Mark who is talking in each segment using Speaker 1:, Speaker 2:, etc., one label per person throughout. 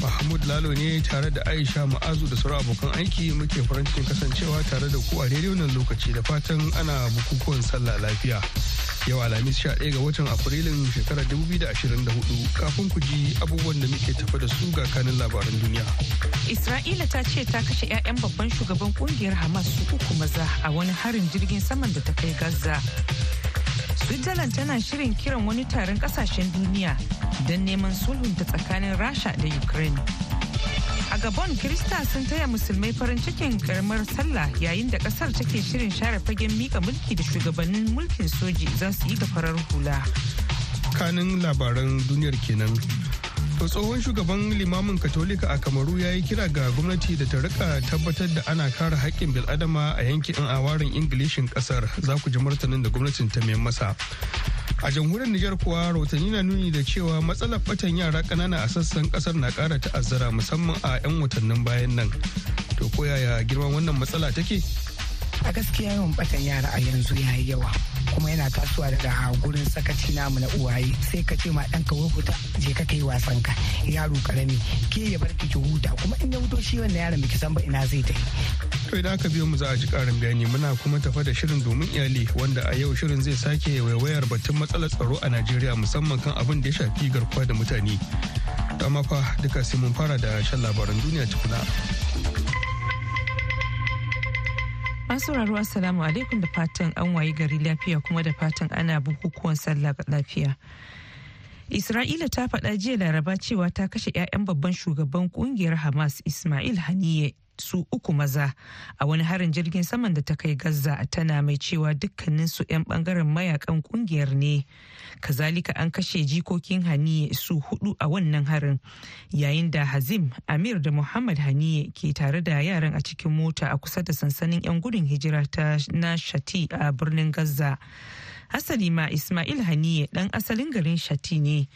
Speaker 1: Mahmud Lalo ne tare da Aisha Ma'azu da sauran abokan aiki muke farin cikin kasancewa tare da ku a daidai wannan lokaci da fatan ana bukukuwan sallah lafiya. Yau Alhamis 11 ga watan Afrilun shekarar 2024 kafin ku ji abubuwan da muke tafa da su ga kanin labaran duniya.
Speaker 2: Isra'ila ta ce ta kashe 'ya'yan babban shugaban kungiyar Hamas su uku maza a wani harin jirgin saman da ta kai Gaza. Switzerland tana shirin kiran wani taron kasashen duniya don neman sulhunta tsakanin rasha da ukraine a gabon kirista sun taya musulmai farin cikin karamar sallah yayin da kasar take shirin share fagen mika mulki da shugabannin mulkin soji za su yi ga farar hula
Speaker 1: kanin labaran duniyar kenan To tsohon shugaban limamin Katolika a Kamaru ya yi kira ga gwamnati da ta rika tabbatar da ana kare haƙƙin bil'adama a yankin awarin Ingilishin kasar za ku ji martanin da gwamnatin ta mai masa. A jamhuriyar Nijar kuwa rahotanni na nuni da cewa matsalar batan yara ƙanana a sassan kasar na ƙara ta'azzara musamman a 'yan watannin bayan nan. To koyaya girman wannan matsala take?
Speaker 3: A gaskiya yawan batan yara a yanzu ya yi yawa. kuma yana tasowa daga gurin sakaci namu na uwaye sai ka ce ma ka ka huta je ka kai wasan ka yaro karami ke ya bar ki huta kuma in ya huto shi wannan yaron biki san ba ina zai tafi
Speaker 1: to idan aka biyo mu za a ji karin bayani muna kuma tafa da shirin domin iyali wanda a yau shirin zai sake waiwayar batun matsalar tsaro a Najeriya musamman kan abin da ya shafi garkuwa da mutane. amma fa duka sai mun fara da shan labaran
Speaker 4: duniya tukuna.
Speaker 2: Masu sauraro Assalamu alaikum da fatan an wayi gari lafiya kuma da fatan ana bukukuwan sallah lafiya. Isra'ila ta faɗa jiya laraba cewa ta kashe 'ya'yan babban shugaban kungiyar Hamas Ismail Haniye su uku maza a wani harin jirgin saman da ta kai Gaza tana mai cewa dukkaninsu 'yan bangaren mayakan kungiyar ne. Kazalika an kashe jikokin Haniye su hudu a wannan harin yayin da Hazim Amir da Muhammad Haniye ke tare da yaran a cikin mota a kusa da sansanin 'yan gudun hijira ta na Shati a birnin Gaza. Hasali ma Ismail Haniye dan asalin garin Shati ne.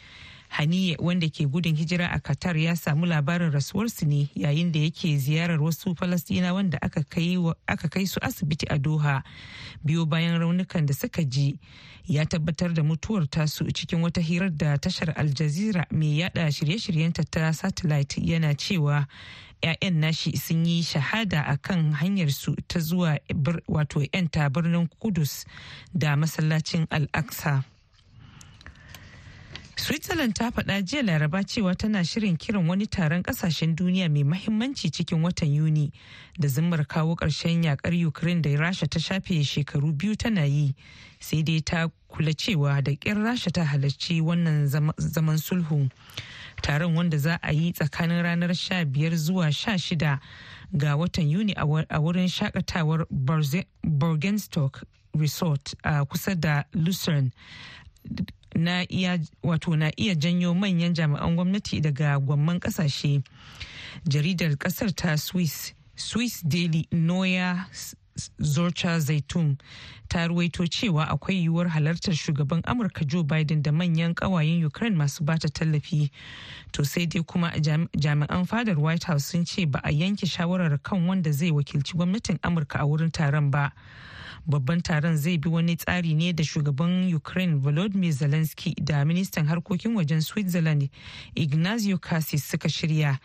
Speaker 2: Haniye wanda ke gudun hijira a Qatar ya samu labarin rasuwarsu ne yayin da yake ziyarar wasu Falastina wanda aka kai su asibiti a Doha biyo bayan raunukan da suka ji ya tabbatar da mutuwar tasu cikin wata hirar da tashar Al Jazeera mai yada shirye-shiryenta ta satellite yana cewa 'ya'yan nashi sun yi shahada a kan hanyarsu ta zuwa wato 'yan birnin Kudus da masallacin Al-Aqsa. Switzerland ta faɗa jiya laraba cewa tana shirin kiran wani taron ƙasashen duniya mai mahimmanci cikin watan Yuni da zimmar kawo ƙarshen yakar Ukraine da Rasha ta shafe shekaru biyu tana yi sai dai ta kula cewa da ƙin Rasha ta halarci wannan zaman sulhu. Taron wanda za a yi tsakanin ranar 15 zuwa sha shida ga watan Yuni a wurin shakatawar Bergenstock Resort a kusa da Lucerne. na iya wato na iya janyo manyan jami'an gwamnati daga gwamman kasashe jaridar kasar ta swiss swiss daily noya zorcha zaitun ta ruwaito cewa akwai yiwuwar halartar shugaban amurka joe biden da manyan kawayen ukraine masu bata tallafi to sai dai kuma jami'an fadar white house sun ce ba a yanke shawarar kan wanda zai wakilci gwamnatin amurka a wurin taron ba babban taron zai bi wani tsari ne da shugaban ukraine volodymyr zelensky da ministan harkokin wajen switzerland ignazio cassis suka shirya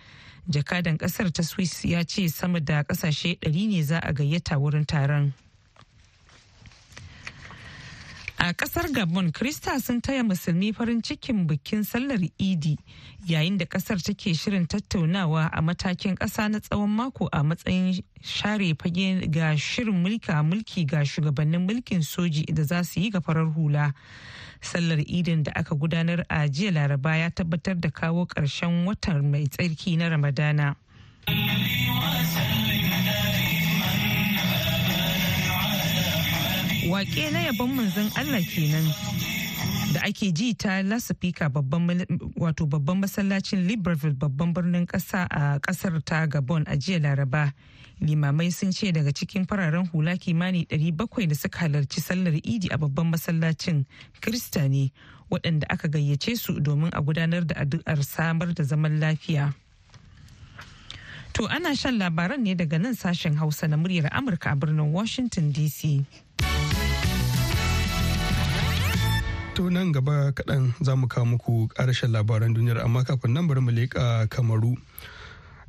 Speaker 2: jakadan kasar ta swiss ya ce sama da kasashe 100 ne za a gayyata wurin taron. A kasar Gabon, Krista sun taya musulmi farin cikin bikin sallar Idi yayin da kasar take shirin tattaunawa a matakin kasa na tsawon mako a matsayin share fage ga shirin mulka mulki ga shugabannin mulkin soji da za su yi ga farar hula. Sallar Idin da aka gudanar a jiya Laraba ya tabbatar da kawo ƙarshen watan mai tsarki na Ramadana. wake na yabon manzon Allah kenan da ake ji ta lasafika wato babban masallacin libreville babban birnin kasa a kasar ta gabon a jiya laraba limamai sun ce daga cikin fararen hula kimani 700 da suka halarci sallar idi a babban masallacin krista ne waɗanda aka gayyace su domin a gudanar da addu'ar samar da zaman lafiya to ana shan labaran ne daga nan sashen hausa na muryar amurka a birnin washington dc
Speaker 1: to nan gaba kaɗan za mu kawo muku ƙarashen labaran duniyar amma kafin nan bari mu leƙa kamaru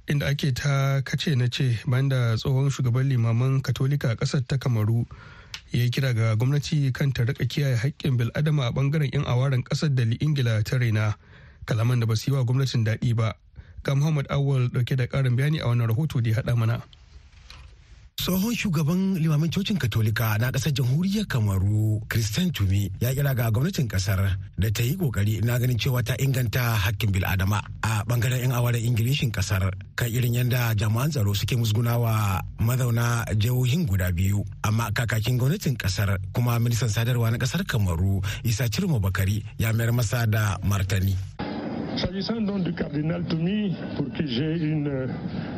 Speaker 1: inda ake ta kace na ce bayan da tsohon shugaban limaman katolika ƙasar ta kamaru ya yi kira ga gwamnati kan ta rika kiyaye haƙƙin bil'adama a bangaren 'yan awaren ƙasar da ingila ta raina kalaman da ba su yi wa gwamnatin daɗi ba ga muhammad awal ɗauke da ƙarin bayani a wannan rahoto da ya haɗa mana.
Speaker 5: tsohon shugaban limamin cocin katolika na ƙasar jamhuriyar kamaru christian tumi ya kira ga gwamnatin ƙasar da ta yi ƙoƙari na ganin cewa ta inganta hakkin bil'adama a bangaren 'yan awarin ingilishin ƙasar kan irin yadda jami'an tsaro suke musgunawa mazauna jihohin guda biyu amma kakakin gwamnatin ƙasar kuma ministan sadarwa na ƙasar kamaru isa cirma bakari ya mayar masa da martani
Speaker 6: S'agissant donc du cardinal Toumi, pour qui j'ai euh,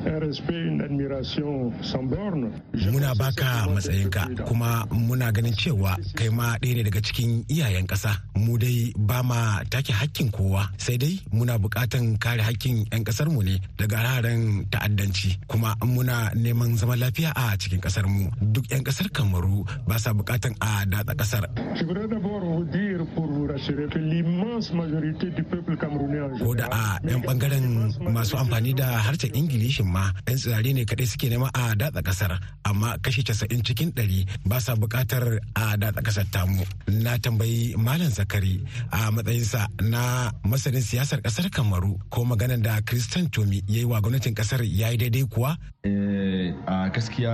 Speaker 6: un respect, une
Speaker 5: admiration sans borne. Muna baka matsayinka kuma muna ganin cewa kai ma ɗaya ne daga cikin iyayen ƙasa. Mu dai ba ma take hakkin kowa sai dai muna buƙatan kare hakkin 'yan ƙasar mu ne daga hararen ta'addanci kuma muna neman zaman lafiya a cikin ƙasar mu. Duk 'yan ƙasar Kamaru ba sa buƙatan a datsa ƙasar.
Speaker 6: Je voudrais d'abord vous dire pour vous rassurer que l'immense
Speaker 5: majorité du peuple camerounais ko da a yan bangaren masu amfani da harshen ingilishin ma yan tsirare ne kadai suke nema a datsa kasar amma kashi casa'in cikin ɗari ba sa buƙatar a datsa kasar tamu na tambayi malam zakari a matsayinsa na masanin siyasar kasar kamaru ko maganar da kristan tomi ya yi wa gwamnatin kasar ya yi daidai kuwa
Speaker 4: eh, a gaskiya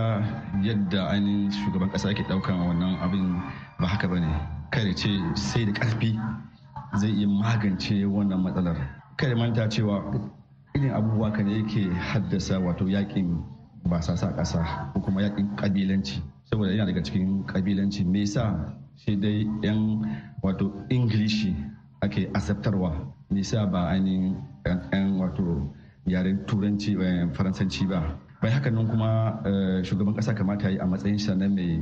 Speaker 4: yadda ainihin shugaban kasa ke daukan wannan abin ba haka bane ne kare ce sai da karfi zai iya magance wannan matsalar kada manta cewa irin abubuwa kan yake haddasa wato yakin basasa ƙasa ko kuma yakin kabilanci saboda yana daga cikin kabilanci me yasa shi dai yan wato ingilishi ake asabtarwa me yasa ba ainihin yan wato yaren turanci eh, faransanci ba bai haka nan kuma eh, shugaban ƙasa kamata yi a matsayin sa na mai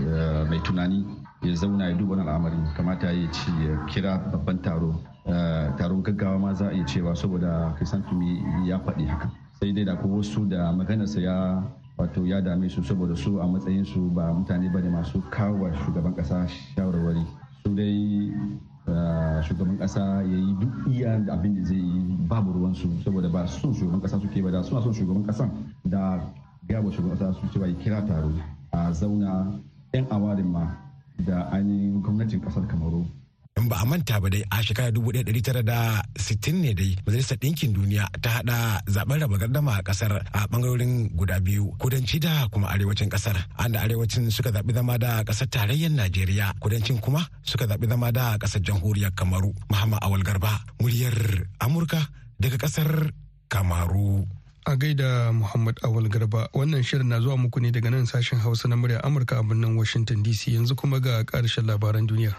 Speaker 4: eh, tunani ya zauna ya duba al'amarin kamata ya ce ya kira babban taro eh, taron gaggawa ma za a iya cewa saboda krisantumi ya faɗi haka sai dai da ko wasu da maganarsa ya wato ya dame su saboda su a matsayin su ba mutane ba ne masu kawo shugaban kasa shawarwari su dai eh, shugaban kasa ya yi duk iya abin da zai yi babu ruwan su saboda ba son shugaban kasa suke ba da suna son shugaban kasan da gaba shugaban kasa su ce ba ya kira taro a zauna yan
Speaker 5: awarin ma da ainihin gwamnatin kasar kamaru in ba a manta ba dai a shekara dubu ɗaya tara da sittin ne dai majalisar ɗinkin duniya ta haɗa zaɓen raba gardama a ƙasar a ɓangarorin guda biyu kudanci da kuma arewacin ƙasar an da arewacin suka zaɓi zama da ƙasar tarayyar najeriya kudancin kuma suka zaɓi zama da ƙasar jamhuriyar kamaru muhammad awal garba muryar amurka daga ƙasar kamaru. A
Speaker 1: gaida Muhammad Awal Garba wannan shirin na zuwa muku ne daga nan sashen Hausa na murya Amurka a birnin Washington DC yanzu kuma ga ƙarshen labaran duniya.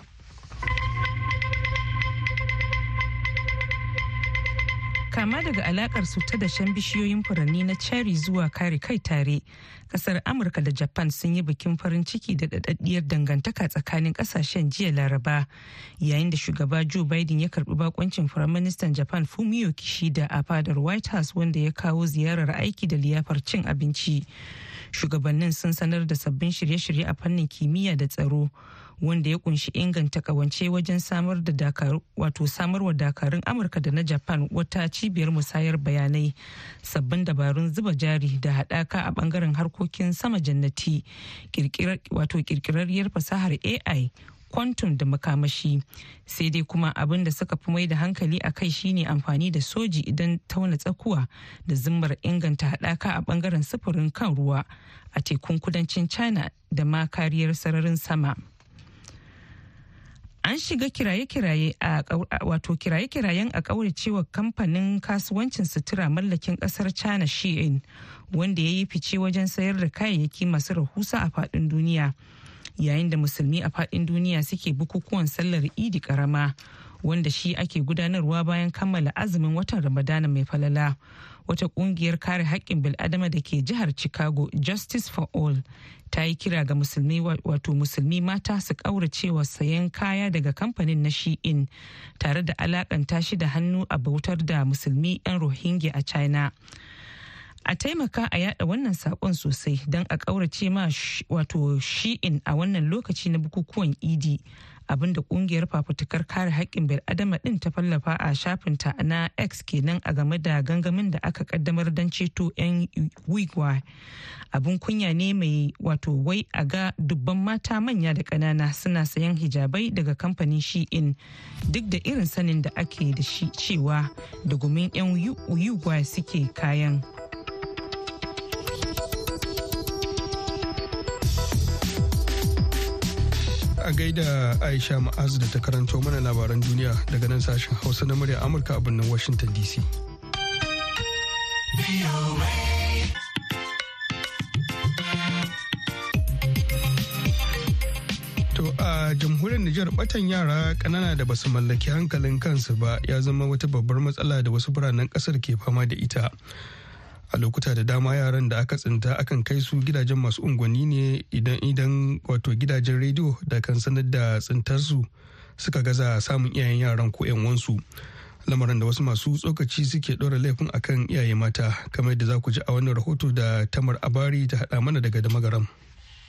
Speaker 2: kama daga alakar su ta dashen bishiyoyin furanni na cherry zuwa kare kai tare kasar amurka da japan sun yi bikin farin ciki da dadaddiyar dangantaka tsakanin kasashen jiya laraba yayin da shugaba joe biden ya karbi bakoncin firaministan japan fumio kishida a fadar white house wanda ya kawo ziyarar aiki da liyafar cin abinci shugabannin sun sanar da sabbin shirye-shirye a fannin kimiyya da tsaro wanda ya kunshi inganta kawance wajen samar da dakar wato samarwa dakarun amurka da na japan wata cibiyar musayar bayanai sabbin dabarun zuba jari da hadaka a bangaren harkokin sama jannati wato kirkirarriyar fasahar ai kwantum da makamashi sai dai kuma abin da suka fi mai da hankali a kai shine amfani da soji idan tauna tsakuwa da zimmar inganta hadaka a bangaren sufurin kan ruwa a tekun kudancin china da ma kariyar sararin sama an shiga kiraye-kiraye a wato kiraye-kirayen a cewa kamfanin kasuwancin sutura mallakin kasar china shein wanda ya yi fice wajen sayar da kayayyaki masu rahusa a faɗin duniya yayin da musulmi a faɗin duniya suke bukukuwan sallar idi karama wanda shi ake gudanarwa bayan kammala azumin watan ramadana mai falala wata kungiyar kare haƙƙin bil'adama da ke jihar chicago justice for all ta yi kira ga musulmi wato musulmi mata su ƙauracewa sayan kaya daga kamfanin na shi'in tare da ta shi da hannu a bautar da musulmi 'yan rohingya a china a taimaka a yada wannan sakon sosai don a ƙaurace ma wato shi'in a wannan lokaci na bukukuwan idi abinda kungiyar fafutukar kare haƙƙin bil'adama ɗin ta fallafa a shafinta na x kenan a game da gangamin da aka kaddamar don ceto 'yan wigwa abin kunya ne mai wato wai a ga dubban mata manya da ƙanana suna sayan hijabai daga kamfanin shi'in duk da irin sanin da ake da shi cewa da gumin 'yan wigwa suke kayan.
Speaker 1: a gaida Aisha Ma'az da ta karanto mana labaran duniya daga nan sashen Hausa na murya Amurka a birnin Washington DC. To a jamhuriyar Nijar batan yara kanana da basu mallaki hankalin kansu ba ya zama wata babbar matsala da wasu biranen kasar ke fama da ita. a lokuta da dama yaran da aka tsinta akan kai su gidajen masu unguwanni ne idan idan wato gidajen rediyo da kan sanar da tsintarsu suka gaza samun iyayen yaran ko yan wansu lamarin da wasu masu tsokaci suke ɗora laifin akan iyaye mata kamar da za ku ji a wannan rahoto da tamar abari ta haɗa mana daga damagaram.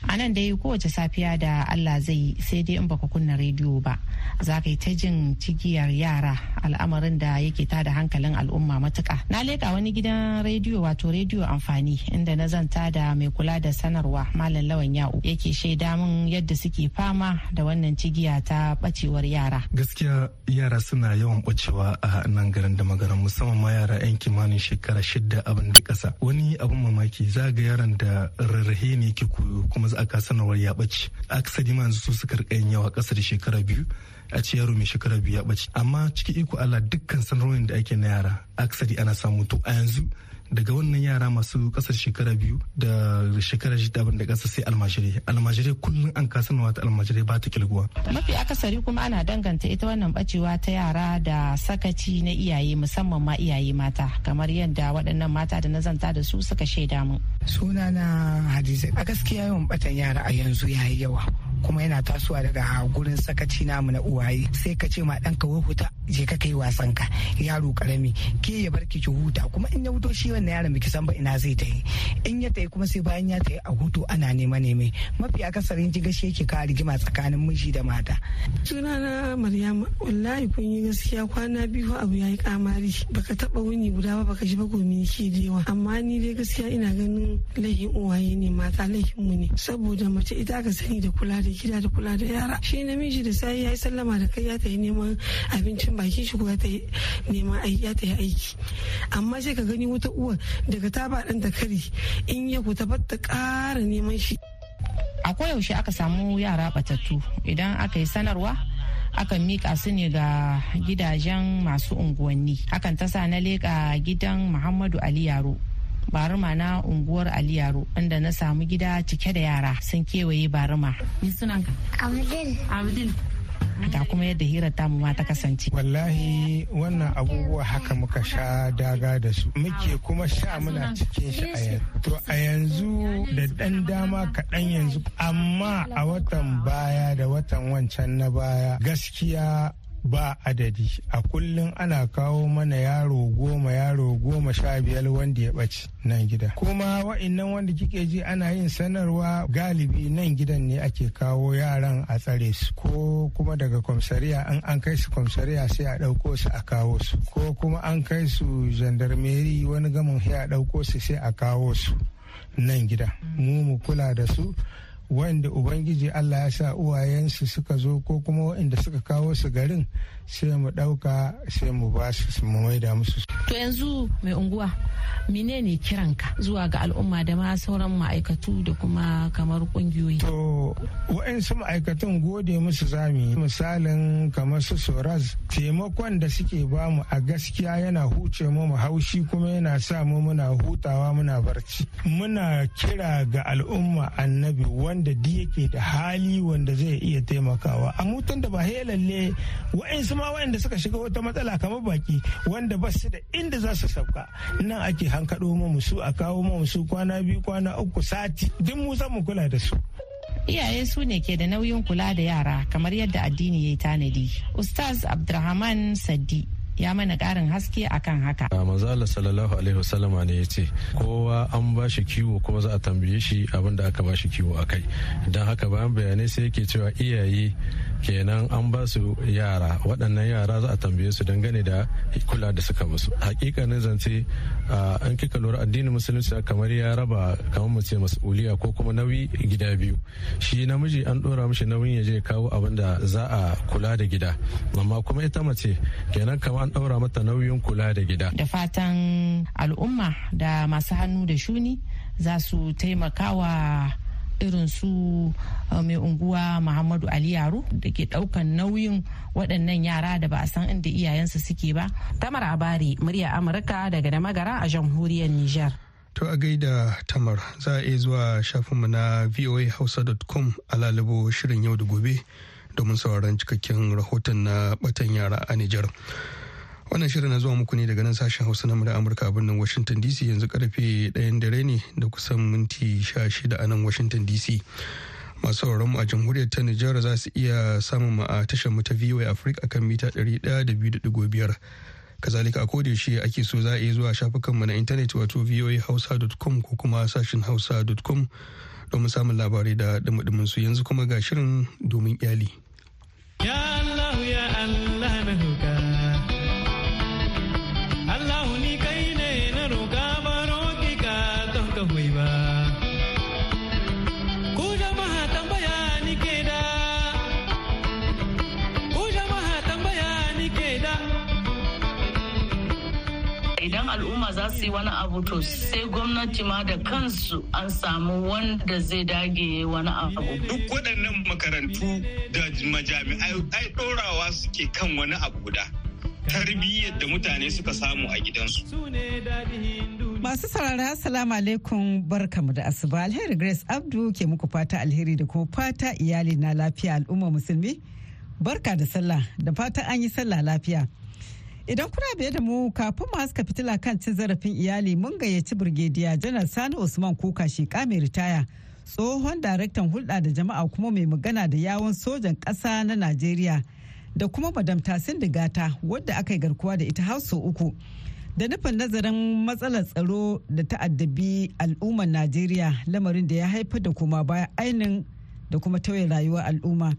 Speaker 7: a nan dai kowace safiya da allah zai yi sai dai in baka kunna rediyo ba za ka yi ta jin cigiyar yara al'amarin da yake ta da hankalin al'umma matuka na leka wani gidan rediyo wato rediyo amfani inda na zanta da mai kula da sanarwa malam lawan ya'u yake shaida min yadda suke fama da wannan cigiya ta bacewar yara
Speaker 6: gaskiya yara suna yawan bacewa a nan garin da magaran musamman ma yara yan kimanin shekara shida abin da kasa wani abin mamaki za ga yaran da rarrahe ne ke koyo kuma yanzu aka sanarwar ya ɓace akasari ma yanzu su suka rika yawa ƙasa da shekara biyu a ce yaro mai shekara biyu ya ɓace amma ciki iko Allah dukkan sanarwar da ake na yara akasari ana samu to a yanzu daga wannan yara masu kasar shekara biyu da shekara shida da kasa sai almajire almajirai kullum an kasanawa ta almajire ba ta kilguwa
Speaker 7: mafi akasari kuma ana danganta ita wannan bacewa ta yara da sakaci na iyaye musamman ma iyaye mata kamar yadda waɗannan mata da na da su
Speaker 3: suka shaida mu na hadiza a gaskiya yawan batan yara a yanzu yayi yawa kuma yana tasowa daga gurin sakaci namu na uwaye sai ka ce ma ɗanka ka huta je ka kai wasan ka yaro karami ke ya bar ki huta kuma in ya huto shi wannan yaron biki san ba ina zai tayi in ya tayi kuma sai bayan ya tayi a hutu ana nema neme mafi akasarin jiga shi yake ka rigima tsakanin miji da mata sunana maryama wallahi kun yi gaskiya
Speaker 2: kwana biyu abu yayi kamari baka taba wuni guda ba baka ji ba gomi ke da yawa amma ni dai gaskiya ina ganin laifin uwaye ne mata laifin mu ne saboda mace ita ka sani da kula da da gida da kula da yara shi namiji da sai ya yi sallama da kai ya ta yi neman abincin bakin shi kuma ta yi neman ya ta yi aiki amma sai ka gani wata uwa daga ta ba
Speaker 7: ta kari in ya ku tabar ta ƙara neman shi a koyaushe aka samu yara batattu idan aka yi sanarwa akan mika su ne ga gidajen masu unguwanni hakan ta sa na leka gidan muhammadu ali yaro baruma na unguwar aliyaro inda na samu gida cike da yara sun kewaye baruma
Speaker 6: ni ga kuma yadda hirar ta ma ta kasance. Wallahi wannan abubuwa haka muka sha daga da su muke kuma sha muna cikin shi a yanzu. To a yanzu da ɗan dama kaɗan yanzu amma a watan baya da watan wancan na baya gaskiya ba adadi a kullum ana kawo mana yaro goma yaro goma sha biyar wanda ya ɓaci nan gida kuma wa'annan wanda kike ji ana yin sanarwa galibi nan gidan ne ake kawo yaran a tsare su ko kuma daga kwamsariya an an kai su kwamsariya sai a ɗauko su a kawo su ko kuma an kai su jandarmeri wani gamin sai a ɗauko su sai a kawo su nan gida mu mu kula da su wanda ubangiji allah ya sa uwayensu suka zo ko kuma waɗanda suka kawo su garin sai mu ɗauka sai mu ba su mu maida musu.
Speaker 7: To yanzu mai unguwa menene kiranka zuwa ga al'umma da ma sauran ma'aikatu da kuma kamar ƙungiyoyi.
Speaker 6: To wa'insu ma'aikatan gode musu zami misalin kamar su Soraz taimakon da suke bamu a gaskiya yana huce mu haushi kuma yana sa mu muna hutawa muna barci. Muna kira ga al'umma annabi wanda di yake da hali wanda zai iya taimakawa. A mutum da ba lalle wa'insu wasu ma wayanda suka shiga wata matsala kamar baki wanda ba su da inda za su sauka nan ake hankaɗo mu musu a kawo mu su kwana biyu kwana uku sati duk mu zan mu kula da su
Speaker 7: iyaye su ne ke da nauyin kula da yara kamar yadda addini ya yi tanadi ustaz abdulrahman saddi ya mana karin haske akan haka.
Speaker 6: A ah, manzala sallallahu alaihi wasallama ne ya ce kowa an ba shi kiwo kuma za a tambaye shi abin da aka ba shi kiwo a kai. Don haka bayan bayanai sai yake cewa iyaye kenan an ba su yara waɗannan yara za a tambaye su dangane da kula da suka musu hakikanin zance an kika lura addinin musulunci kamar ya raba kamar mu ce mas'uliya ko kuma nauyi gida biyu shi namiji an ɗora mishi nauyin ya je kawo abin da za a kula da gida amma kuma ita mace kenan kamar an ɗora mata nauyin kula da gida da
Speaker 7: fatan al'umma da masu hannu da shuni za su taimakawa irin su uh, mai unguwa muhammadu ali yaro da ke daukan nauyin waɗannan yara da ba a san inda iyayensu suke ba tamar abari murya amurka daga da magara a jamhuriyar niger To
Speaker 1: a gaida tamar za a iya zuwa shafinmu na voahausa.com a lalubo shirin yau da gobe domin sauran cikakken rahoton na batan yara a Nijar. Wannan shirin na zuwa muku ne daga nan sashen Hausa na murar Amurka a birnin Washington DC yanzu karfe ɗayan dare ne da kusan minti sha shida a nan Washington DC. Masu sauraron mu a jamhuriyar ta Nijar za su iya samun mu a tashar mu ta VOA Africa akan mita ɗari daya da biyu da ɗigo biyar. Kazalika a koda yaushe ake so za a yi zuwa shafukan mu na intanet wato voahausa.com ko kuma sashen hausa.com domin samun labarai da dumudumin su yanzu kuma ga shirin domin iyali.
Speaker 3: idan al'umma za su yi wani abu to sai gwamnati ma da kansu an samu wanda zai dage wani abu duk waɗannan
Speaker 8: makarantu da majami'ai ai ɗorawa suke kan wani abu guda tarbiyyar da mutane suka samu a gidansu
Speaker 9: Masu saurara Assalamu alaikum barkamu da asuba alheri Grace Abdu ke muku fata alheri da kuma fata iyali na lafiya al'umma musulmi. Barka da sallah da fata an yi sallah lafiya. Idan kuna biye da mu kafin mu haska fitila kan cin zarafin iyali mun gayyaci Birgediya Janar Sani Usman Kuka sheka mai ritaya. Tsohon daraktan hulɗa da jama'a kuma mai magana da yawon sojan ƙasa na Najeriya da kuma Madam Tasin Digata wadda aka yi garkuwa da ita hausa uku. Da nufin nazarin matsalar tsaro da ta'addabi al'ummar Najeriya lamarin da ya haifar da kuma baya ainin da kuma tauye rayuwar al'umma.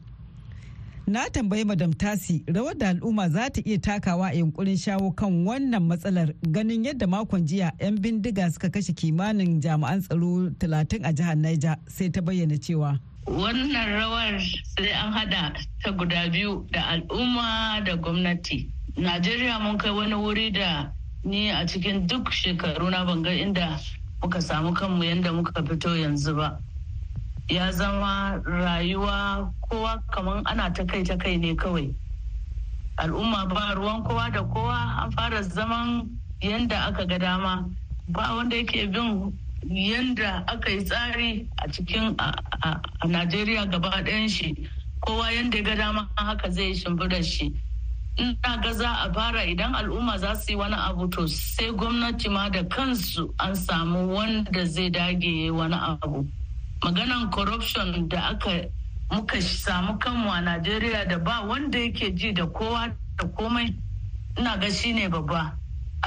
Speaker 9: Na tambayi Madam Tasi rawar da al'umma za ta iya takawa a yunkurin shawo kan wannan matsalar ganin yadda makon jiya 'yan bindiga suka kashe kimanin jami'an tsaro talatin a jihar Niger sai ta bayyana cewa.
Speaker 3: Wannan rawar sai an hada ta guda biyu da al'umma da gwamnati. Najeriya mun kai wani wuri da ni a cikin duk shekaru na banga inda muka samu kanmu yadda muka fito yanzu ba. ya zama rayuwa kowa kamar ana ta kai ta kai ne kawai al'umma ba ruwan kowa da kowa an fara zaman yanda aka ga dama ba wanda yake bin yanda aka yi tsari a cikin a najeriya gaba ɗayan shi kowa yanda ga dama haka zai yi shimfidar shi ina ga za a fara idan al'umma za su yi wani abu to sai gwamnati ma da kansu an samu wanda zai dage wani abu maganan corruption da aka muka samu kanmu a najeriya da ba wanda yake ji da kowa da komai ina ga shi ne babba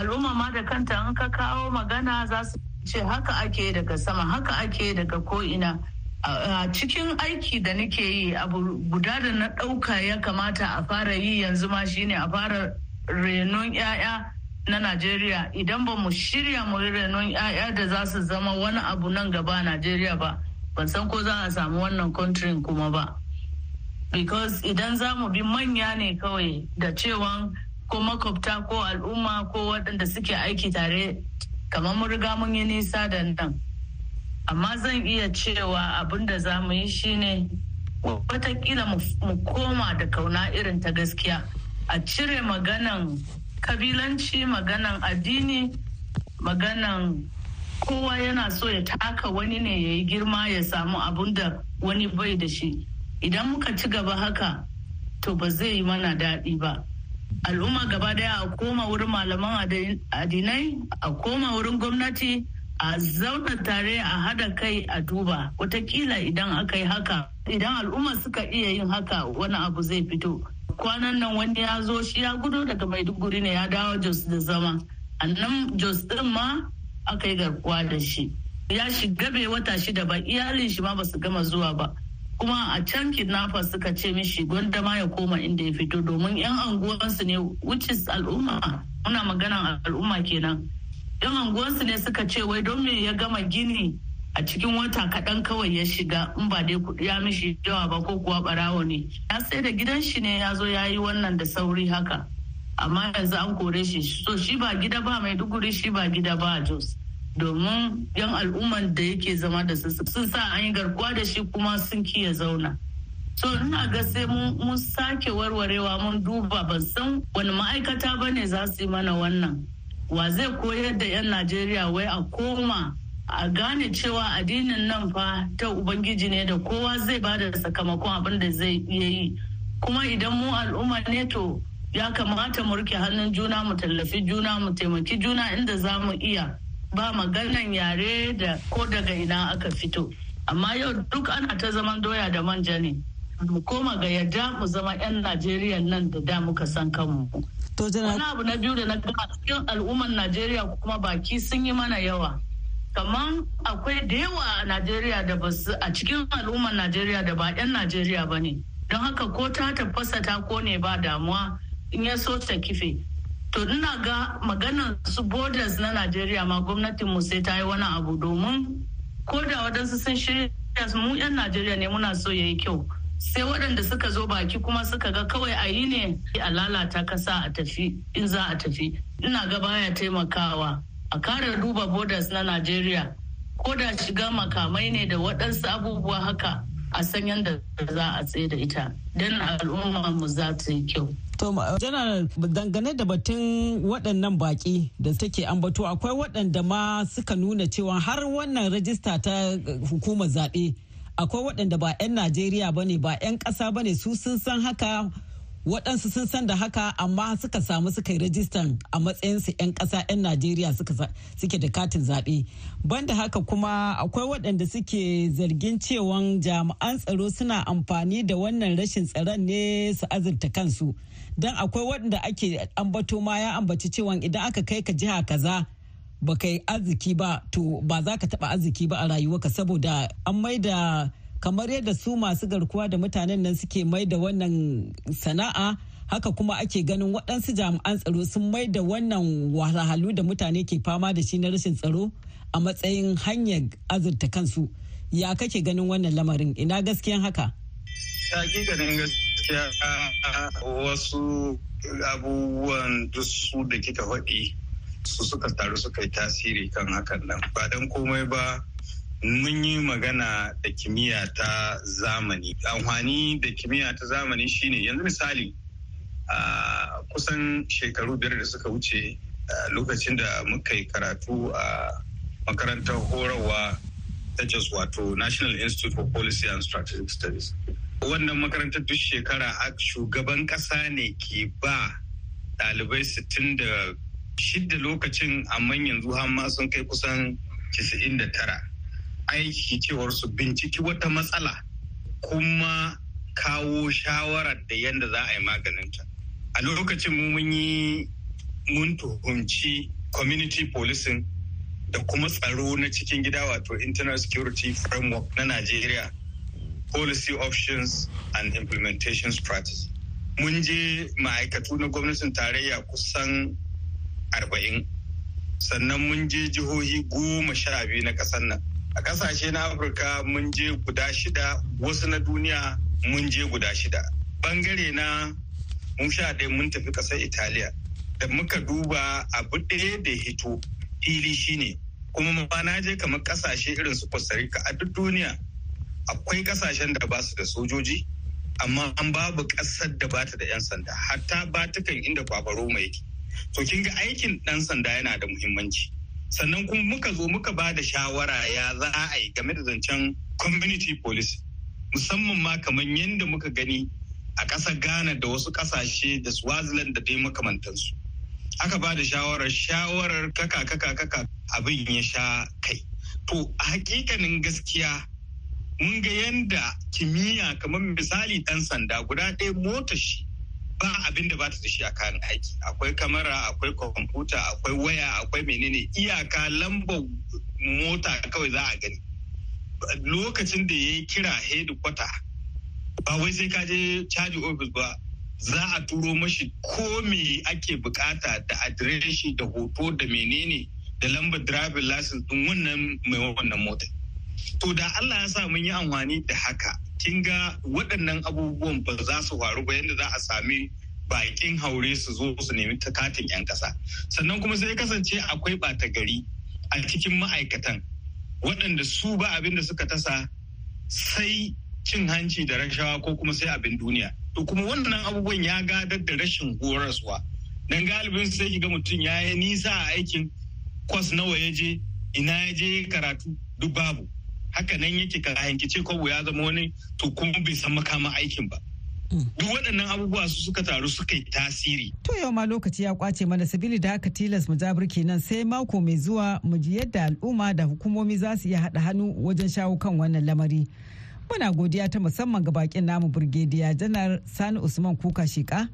Speaker 3: al'umma ma da kanta an ka kawo magana za su ce haka ake daga sama haka ake daga ko'ina a cikin aiki da nake yi abu guda da na ɗauka ya kamata a fara yi yanzu ma shi ne a fara renon 'ya'ya na najeriya idan ba mu shirya mu renon 'ya'ya da za su zama wani abu nan gaba a najeriya ba ban san ko za a samu wannan country kuma ba because idan za mu bi manya ne kawai da cewa ko makwabta ko al'umma ko waɗanda suke aiki tare kamar mun riga mun yi nisa da nan amma zan iya cewa abin da za mu yi shine watakila mu koma da kauna irin ta gaskiya a cire maganan kabilanci maganan addini maganan kowa yana so ya taka wani ne ya yi girma ya samu abun da wani bai da shi idan muka ci gaba haka to ba zai yi mana daɗi ba al'umma gaba daya a koma wurin malaman adinai a koma wurin gwamnati a zauna tare a hada kai a duba watakila idan aka yi haka idan al'umma suka iya yin haka wani abu zai fito kwanan nan wani ya zo shi ya gudu daga maiduguri ne ya dawo jos da zama annan jos din ma aka yi garkuwa da shi ya shiga bai wata shida ba iyalin shi ma ba su gama zuwa ba kuma a can kidnapper suka ce mishi gwandama ya koma inda ya fito domin yan anguwansu ne which is al'umma muna maganan al'umma kenan yan anguwansu ne suka ce wai don me ya gama gini a cikin wata kaɗan kawai ya shiga in ba dai kudi ya mishi yawa ba ko kuwa barawo ne ya sai da gidan shi ne ya zo ya yi wannan da sauri haka amma yanzu an kore shi so shi ba gida ba mai dukuri shi ba gida ba a jos domin yan al'umman da yake zama da su sun sa an yi garkuwa da shi kuma sun kiya zauna so ina ga sai mun sake warwarewa mun duba ban san wani ma'aikata ba ne za su yi mana wannan wa zai koyar da 'yan najeriya wai a koma a gane cewa addinin nan fa ta ubangiji ne da kowa zai ba da sakamakon abin da zai iya yi kuma idan mu al'umma ne to ya kamata mu rike hannun juna mu tallafi juna mu taimaki juna inda za mu iya ba maganan yare da ko daga ina aka fito amma yau duk ana ta zaman doya da manja ne mu koma ga yadda mu zama 'yan najeriya nan da da muka san kanmu wani abu na biyu da na gama cikin al'ummar najeriya kuma baki sun yi mana yawa kamar akwai da yawa a najeriya da ba su a cikin al'ummar najeriya da ba 'yan najeriya ba ne don haka ko ta tafasa ta ne ba damuwa in ya so ta kife to ina ga maganar su borders na najeriya ma gwamnatin mu sai ta yi wani abu domin ko da waɗansu sun shirya mu 'yan najeriya ne muna so ya yi kyau sai waɗanda suka zo baki kuma suka ga kawai a yi ne a lalata kasa a tafi in za a tafi ina ga baya taimakawa a kare duba borders na najeriya ko da shiga makamai ne da waɗansu abubuwa haka a san yadda za a tsaye da ita don al'umma mu za ta yi kyau
Speaker 9: Janar dangane da batun waɗannan baƙi da take ambato akwai waɗanda ma suka nuna cewa har wannan rajista ta hukumar zaɓe akwai waɗanda ba 'yan Najeriya ba ne ba 'yan ƙasa ba ne su sun san haka waɗansu sun san da haka amma suka samu suka yi rajistan a matsayinsu 'yan ƙasa 'yan najeriya suke da katin zaɓe banda haka kuma akwai waɗanda suke zargin cewa jami'an tsaro suna amfani da wannan rashin tsaron ne su azurta kansu don akwai waɗanda ake ambato ma ya ambaci cewa idan aka kai ka jiha kaza ba kai arziki ba to ba za ka taɓa arziki ba a rayuwarka saboda an maida kamar yadda su masu garkuwa da mutanen nan suke maida wannan sana'a haka kuma ake ganin waɗansu jami'an tsaro sun da wannan wahalhalu da mutane ke fama da shi na rashin tsaro a matsayin hanyar azurta kansu ya kake ganin wannan lamarin ina gaskiyan haka
Speaker 8: gaskiya wasu abubuwan duk su da kika faɗi su suka taru suka yi tasiri kan hakan nan ba don komai ba mun yi magana da kimiyya ta zamani amfani da kimiyya ta zamani shine yanzu misali a kusan shekaru biyar da suka wuce lokacin da muka yi karatu a makarantar horarwa ta wato national institute for policy and strategic studies Wannan makarantar duk shekara a shugaban ƙasa ne ke ba ɗalibai sittin da shidda lokacin amma yanzu ma sun kai kusan casa'in da tara. Aiki cewar su binciki wata matsala kuma kawo shawara da yadda za a yi maganinta. A lokacin mu mun yi mun tuhumci community policing da kuma tsaro na cikin gida wato internal security framework na Najeriya policy options and implementation strategy. Mun je ma'aikatu na gwamnatin tarayya kusan arba'in, sannan mun je jihohi goma sha biyu na ƙasar nan. A ƙasashe na Afirka mun je guda shida, wasu na duniya mun je guda shida. Bangare na mun sha ɗaya mun tafi ƙasar Italiya. Da muka duba abu ɗaya da hito fili shine kuma ma na je kamar ƙasashe irin su Costa Rica a duk duniya akwai kasashen da ba su da sojoji amma an babu kasar da ba ta da 'yan sanda hatta ba ta kan inda kwabaro mai yake to kin ga aikin dan sanda yana da muhimmanci sannan kuma muka zo muka ba da shawara ya za a yi game da zancen community police musamman ma kamar yadda muka gani a ƙasar ghana da wasu ƙasashe da swaziland da dai makamantansu aka ba da shawarar shawarar kaka kaka kaka abin ya sha kai to a hakikanin gaskiya mun ga yanda kimiyya kamar misali ɗan sanda guda ɗaya mota shi ba abin da bata da shi a kayan aiki akwai kamara akwai kwamfuta akwai waya akwai menene iyaka lambar mota kawai za a gani lokacin da ya yi kira headquarter ba wai sai ka je caji ofis ba za a turo mashi ko me ake bukata da adireshi da hoto da menene da lambar driving license din wannan mai wannan mota To da Allah ya sa mun yi amfani da haka, kin ga waɗannan abubuwan ba za su faru ba yadda za a sami baƙin haure su zo su nemi takatin 'yan ƙasa. Sannan kuma sai kasance akwai ɓata gari a cikin ma'aikatan waɗanda su ba abin da suka tasa sai cin hanci da rashawa ko kuma sai abin duniya. To kuma wannan abubuwan ya gadar da rashin horaswa. Dan galibin sai ki ga mutum ya yi nisa a aikin kwas nawa ya je ina ya je karatu duk babu. haka nan yake ka hankice kwabo ya zama wani to kuma bai san makama aikin ba mm. duk waɗannan abubuwa su suka taru suka yi tasiri
Speaker 9: to yau ma lokaci ya kwace mana sabili da haka tilas mu jabir kenan sai mako mai zuwa mu ji yadda al'umma da hukumomi za su iya haɗa hannu wajen shawo kan wannan lamari muna godiya ta musamman ga bakin namu burgediya janar sani usman kuka shika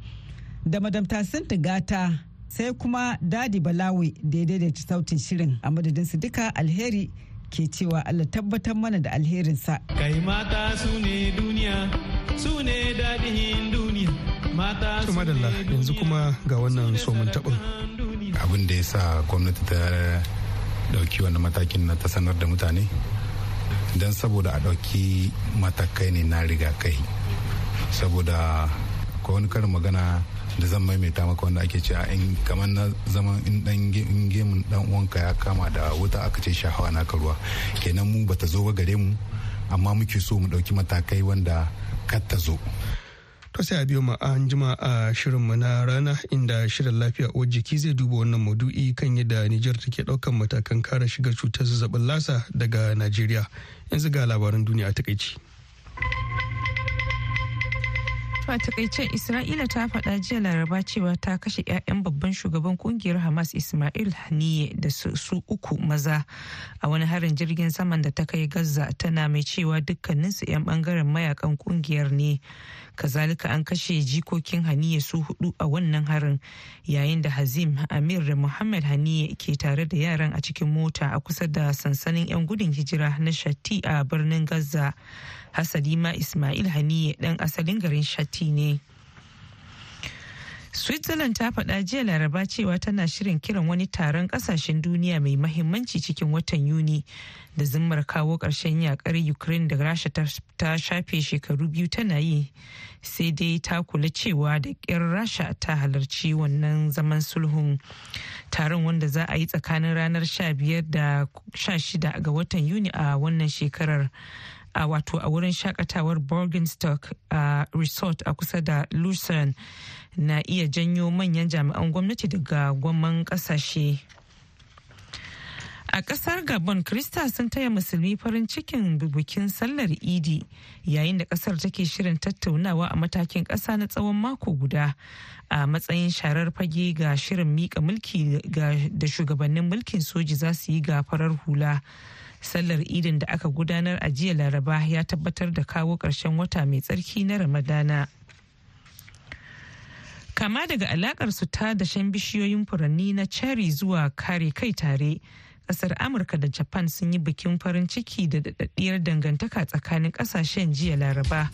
Speaker 9: da madam Tasin gata sai kuma dadi balawi da ya sautin shirin a madadin su duka alheri ke cewa Allah tabbatar mana da alherinsa.
Speaker 6: Kai mata su ne duniya, su ne daɗin duniya. Mata su ne duniya.
Speaker 9: yanzu kuma ga wannan
Speaker 6: somin taɓin.
Speaker 5: Abin da ya sa gwamnati ta ɗauki wani matakin na ta sanar da mutane. Don saboda a ɗauki matakai ne na riga kai. Saboda ko wani karin magana da zan maimaita maka wanda ake cewa in kamar na zama in dan gemun dan uwanka ya kama da wuta aka ce shahawa naka ruwa kenan mu bata zo ba gare mu amma muke so mu dauki matakai wanda kar ta zo
Speaker 1: to sai a biyo ma an jima a shirin mu na rana inda shirin lafiya uwar jiki zai duba wannan maudu'i kan yadda Nijar take daukan matakan kare shigar cutar zazzabin lasa daga Najeriya yanzu ga labaran duniya a takaici.
Speaker 2: a takaice Isra'ila ta faɗa jiya laraba cewa ta kashe 'ya'yan babban shugaban kungiyar Hamas Ismail haniye da su uku maza a wani harin jirgin saman da ta kai Gaza tana mai cewa dukkaninsu 'yan bangaren mayakan kungiyar ne. Kazalika an kashe jikokin haniye su hudu a wannan harin yayin da Hazim Amir da Muhammad haniye ke tare da yaran a cikin mota a kusa da sansanin 'yan gudun hijira na Shatti a birnin Gaza. hasali ma ismail haniye dan asalin garin shatti ne switzerland ta faɗa jiya laraba cewa tana shirin kiran wani taron ƙasashen duniya mai mahimmanci cikin watan yuni da zimmar kawo ƙarshen yakar ukraine da rasha ta shafe shekaru biyu tana yi sai dai ta kula cewa da ƙyar rasha ta halarci wannan zaman sulhun taron wanda za a yi tsakanin ranar 15 da 16 ga watan yuni a wannan shekarar a wato a wurin shakatawar Borgenstock a resort a kusa da Lucerne na iya janyo manyan jami'an gwamnati daga gwamman kasashe. A kasar Gabon, Krista sun taya musulmi farin cikin bikin sallar Idi yayin da kasar take shirin tattaunawa a matakin kasa na tsawon mako guda a matsayin sharar fage ga shirin mika mulki da shugabannin mulkin soji za su yi ga farar hula. sallar idin da aka gudanar a jiya laraba ya tabbatar da kawo ƙarshen wata mai tsarki na ramadana kama daga alakar su ta dashen bishiyoyin furanni na cherry zuwa kare kai tare kasar amurka da japan sun yi bikin farin ciki da daɗaɗɗiyar dangantaka tsakanin ƙasashen jiya laraba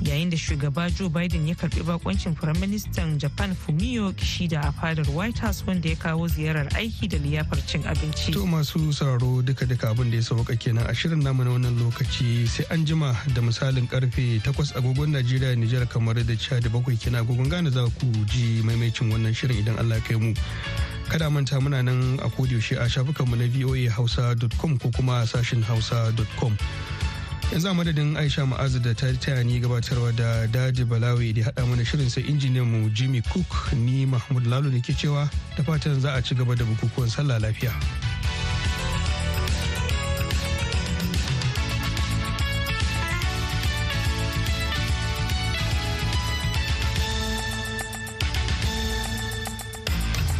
Speaker 2: yayin da shugaba joe biden ya karbi bakoncin firaministan japan fumio kishida a fadar white house wanda ya kawo ziyarar aiki da liyafar cin abinci to
Speaker 1: masu sauraro duka duka abin da ya sauka kenan a shirin namu na wannan lokaci sai an jima da misalin karfe 8 agogon najeriya nijar kamar da chad bakwai kina agogon gane za ku ji maimaicin wannan shirin idan allah kai mu kada manta muna nan a kodiyaushe a shafukanmu na voa hausa.com ko kuma sashin hausa.com yanzu a madadin aisha ma'azu da ta taya ni gabatarwa da dadi balawi da haɗa mana shirin sai injiniyan mu jimmy cook ni mahmud lalo ne ke cewa da fatan za a ci gaba da bukukuwan sallah lafiya.